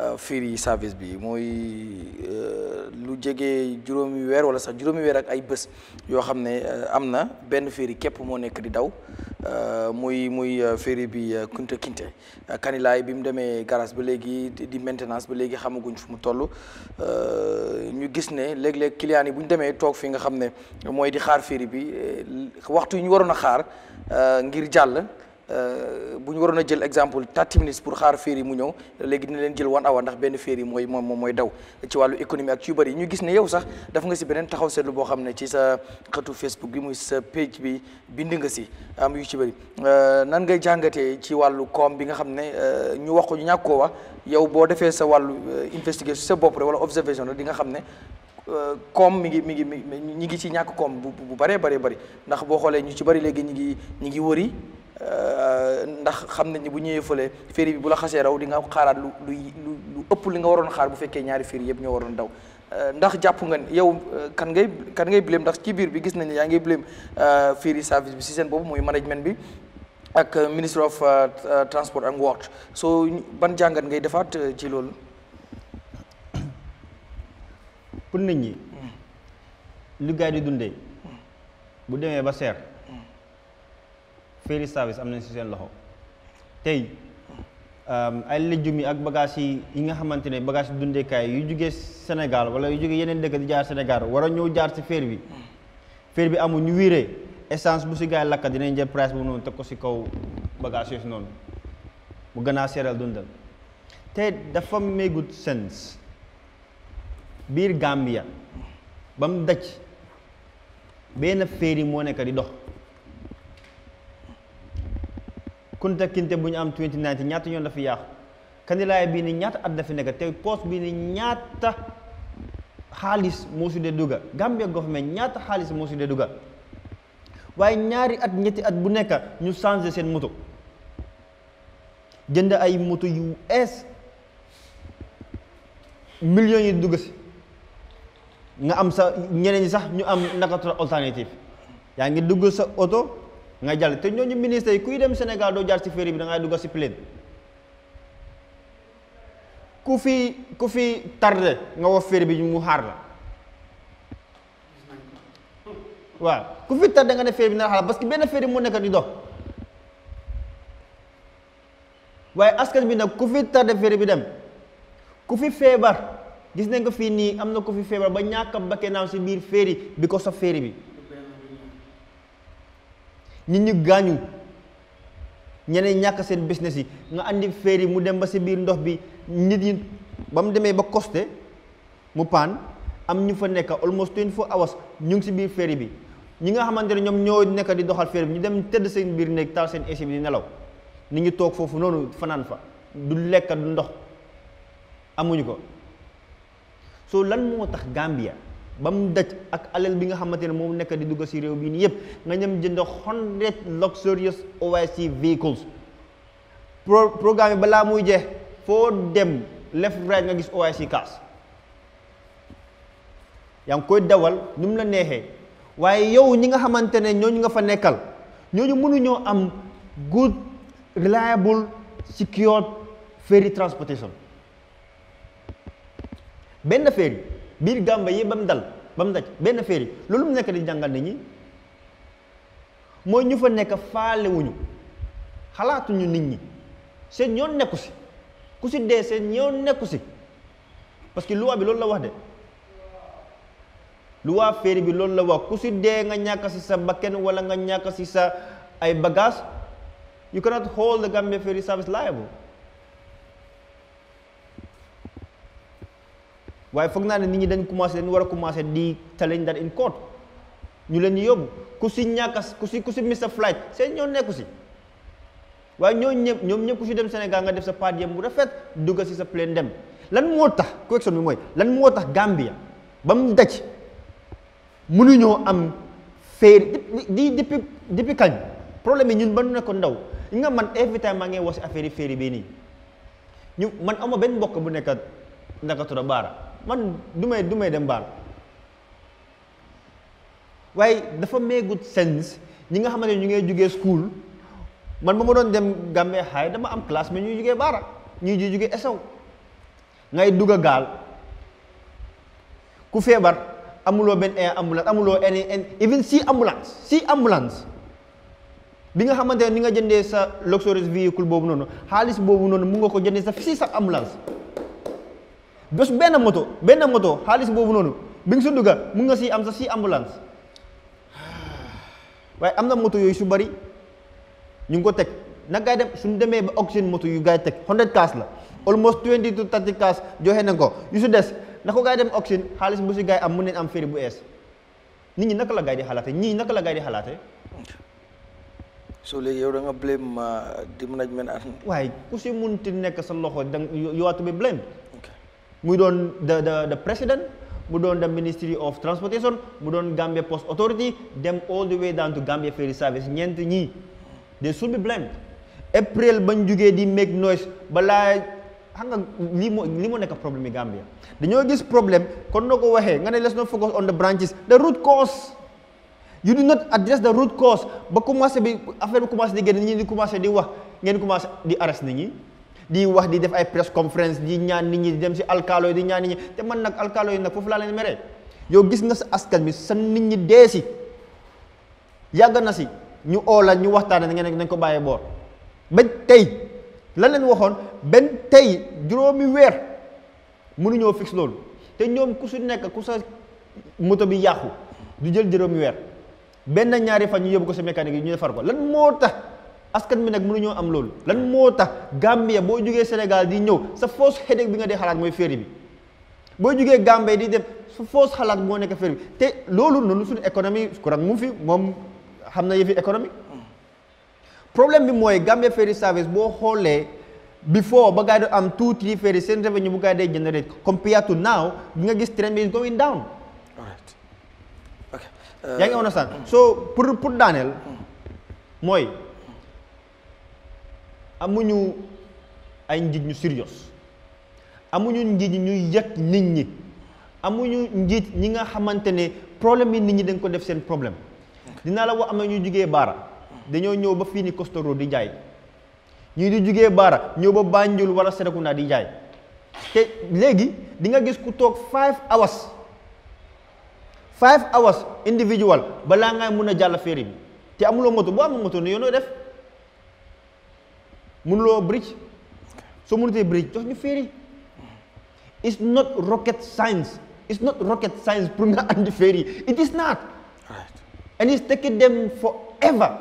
Euh, ferry service bi mooy euh, lu jege juróomi weer wala sax juróomi weer ak ay bés yoo xam ne euh, am na benn ferry képp moo nekk di daw muy muy ferry bi Kunta Kinte Kanilaay bi mu demee garage ba léegi di maintenance ba léegi xamaguñ fu mu toll ñu gis ne léeg-léeg clients yi bu ñu demee toog fi nga xam ne mooy di xaar ferry bi waxtu yi ñu waroon a xaar ngir jàll Euh, bu ñu waroon a jël exemple 30 minutes pour xaar ferry mu ñëw léegi dina leen jël one hour ndax benn ferry mooy moom moom mooy daw ci wàllu économie ak ci yu bëri ñu gis ne yow sax daf nga si beneen taxaw seetlu boo xam ne ci sa xëtu Facebook bi muy sa page bi bind nga si am yu ci bëri euh, nan ngay jàngatee ci wàllu koom bi nga xam ne euh, ñu wax ko ñàkk koo wax yow boo defee sa wàllu investigation sa bopp rek wala observation rek di nga xam ne koom mi ngi mi ngi mi ñi ngi ci ñàkk koom bu bu bëree bëri bëri ndax boo xoolee ñu ci bëri léegi ñu ngi ñi ngi wëri ndax xam nañ ni bu ñëwee fële féeri bi bu la xasee raw di nga xaaraat lu lu lu ëpp li nga waroon xaar bu fekkee ñaari féeri yëpp ñoo waroon daw euh, ndax jàpp nga yow euh, kan ngay kan ngay blame ndax ci biir bi gis nañ yaa ngay blame euh, féeri service bi si seen boobu mooy management bi ak ministre of transport and works soo ban jàngat ngay defaat ci loolu. pour nit yi lu gaay di dundee. bu demee ba seer. ferry service am nañ si seen loxo tey ay légumes yi ak bagages yi yi nga xamante ne bagages dundeekaay yu jógee Sénégal wala yu jógee yeneen dëkk di jaar Sénégal war a ñëw jaar si ferry bi ferry bi amul ñu wiire essence bu si gaay lakka dinañ jël price bu noonu teg ko si kaw bagages yooyu noonu mu gën a seeral dundal te dafa méegut sens biir Gambia ba mu daj benn ferry moo nekk di dox kunta kinte bu ñu am 2019 ñaata ñoon la fi yàqu kandilaay bii ni ñaata at dafa fi nekk te poste bii ni ñaata xaalis moo su dee dugga Gambia government ñaata xaalis moo su dee dugga waaye ñaari at ñetti at bu nekk ñu changé seen moto jënd ay moto yu ees millions yi dugg si nga am sa ñeneen sax ñu am naka alternative yaa ngi dugg sa oto nga jàll te ñooñu ministre yi kuy dem senegal do jaar ci ferry bi da kufi dugg ci plane ku fi ku fi tardé nga wax ferry bi mu xaar la waaw ku fi tardé nga ne ferry bi na xaar parce que ferry mu nekk di dox waaye askan bi kufi ku fi tardé ferry bi dem ku fi feebar gis nañ ko fii nii am na ku fi ba ci ferry because sa ferry bi. nit ñi gaañu ñeneen ñàkk seen business yi nga andi féer yi mu dem ba si biir ndox bi nit ñi ba mu demee ba costé mu paan am ñu fa nekk almost 24 hours ñu ngi si biir féer bi ñi nga xamante ne ñoom ñoo nekk di doxal féer bi ñu dem tëdd seen biir néeg taal seen AC bi di nelaw nit ñi toog foofu noonu fanaan fa du lekk du ndox amuñu ko soo lan moo tax Gambia. ba mu daj ak alal bi nga xamante ne moom nekk di dugg si réew bi nii yëpp nga ñam jënd hundred luxurious OIC vehicles pro programme balaa muy jeex foo dem left right nga gis OIC cars yaa ngi koy dawal nu mu la neexee waaye yow ñi nga xamante ne ñooñu nga fa nekkal ñooñu mënuñoo am good reliable secure ferry transportation benn ferry biir gàmba yi ba mu dal ba mu daj benn féeri loolu mu nekk di jàngal nit ñi mooy ñu fa nekk faalewuñu xalaatuñu nit ñi seen ñoo nekku si ku si dee seen ñoo nekku si parce que loi bi loolu la wax de luwaa féeri bi loolu la wax ku si dee nga ñàkk si sa bakken wala nga ñàkk si sa ay bagage you cannot hold the Gambia ferry service liable waaye foog naa ne nit ñi dañ commencé dañ war a commencé di taleñ daan in court ñu leen di yóbbu ku si ñàkkas ku si ku si mista flight seen ñoo nekku si waaye ñoo ñëpp ñoom ñëpp ku si dem Sénégal nga def sa paat bu rafet dugga si sa plane dem lan moo tax question bi mooy lan moo tax Gambia ba mu daj mënuñoo am féer di depuis depuis kañ problème yi ñun ba nu ne ndaw ñu nga man every time maa ngi wax si affaire yi féeri bii nii ñu man ama benn mbokk bu nekk Ndakatura Baara man du may du may dem baal waaye dafa meegut sens ñi nga xamante ne ñu ngay jóge school man ba ma doon dem Gambey xaay dama am classe mais ñuy jógee baara ñuy ji jógee esew ngay dugg a gaal ku feebar amuloo benn air ambulance amuloo any even si ambulance si ambulance bi nga xamante ne ni nga jëndee sa luxurious véhicule boobu noonu xaalis boobu noonu mu nga ko jëndee sa si sax ambulance bés benn moto benn moto xaalis boobu noonu bi nga si mun nga si am sa si ambulance waaye am na moto yooyu su bari ñu ngi ko teg nag gaay dem suñu demee ba oxygène moto yu gaay teg 100 cas la almost 20 to 30 cas joxe nañ ko yu su des na ko gaay dem oxygène xaalis bu si gaay am mu neen am féeri bu ees nit ñi naka la gaay di xalaate ñii naka la gaay di xalaate soo léegi yow da nga blame uh, di management waaye ku si munti nekk sa loxo da you are to be mudon the the the president mudon the ministry of transportation mudon Gambia Post Authority them all the way down to Gambia Ferry Service ñeent ñii they should be blamed April bañ jugee di make noise balaa xam limo limo moo lii moo problème Gambia dañoo gis problème kon noo ko nga ne let's not focus on the branches the root cause you do not address the root cause ba commencé bi affaire bi commencé di génn nit ñi di commencé di wax ngeen commencé di arrest nit ñi di wax di def ay press conference di ñaan nit ñi di dem ci alkaalo yi di ñaan nit ñi te man nag alkaalo yi nag foofu leen mere yow gis nga askan bi sa nit ñi dee si yàgg na si ñu oola ñu waxtaane da ngeen nañ ko bàyyee boor ba tey la leen waxoon ben tey juróomi weer mënuñoo fix loolu te ñoom ku su nekk ku sa moto bi yàqu du jël juróomi weer benn ñaari fan ñu yóbbu ko sa mécanique ñu defar ko lan moo tax askan bi nag mënuñoo am loolu lan moo tax Gambia boo jugee Sénégal di ñëw sa fausse headache bi nga dee xalaat mooy ferry bi boo jógee Gambie di dem sa fausse xalaat moo nekk ferry bi te loolu noonu suñu économie courant mu fi moom xam na yëfi économie problème bi mooy Gambia ferry service boo xoolee before ba gaa yi doon am two three ferry seen revenue bu gaa yi dee generate compared to now bi nga gis trend bi is going down yaa ngi understand so pour pour hmm. amuñu ay njit ñu serious amuñu njit ñu yek nit ñi amuñu njit ñi nga xamantene problème yi nit ñi dañ ko def seen problème dina la wax am ñu jugé bara dañoo ñëw ba fii ni costoro di jaay ñi di jugé bara ñëw ba banjul wala serekunda di jaay te legi di nga gis ku tok 5 hours 5 hours individual bala nga mëna jall ferry bi amulo moto bo am moto ni def mënuloo bridge soo mënutee bridge jox ñu ferry it's not rocket science it's not rocket science pour nga andi ferry it is not right and it's taken them forever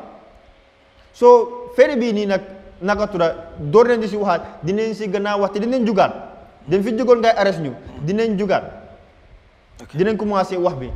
so ferry bii nii nag naka tudda door nañ di si waxaat dinañ si gannaaw wax te dinañ jugaat dañ fi jógoon ngay arrest ñu dinañ jugaat dinañ commencé wax bi